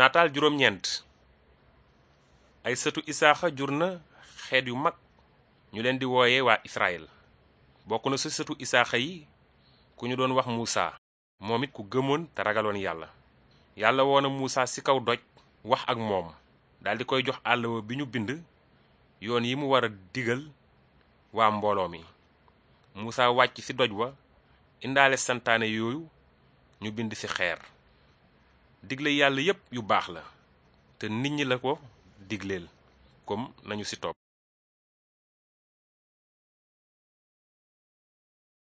nataal juróom-ñeent ay sëtu isaaxa jur na xeet yu mag ñu leen di wooye waa israel bokk na ci sëtu isaaxa yi ku ñu doon wax muusa moom it ku gëmoon te ragaloon yàlla yàlla woona muusa ci kaw doj wax ak moom daldi koy jox àllawa bi ñu bind yoon yi mu war a digal waa mbooloo mi muusa wàcc ci doj wa indaale santaane yooyu ñu bind ci xeer digle yàlla yépp yu baax la te nit ñi la ko digleel comme nañu ci toog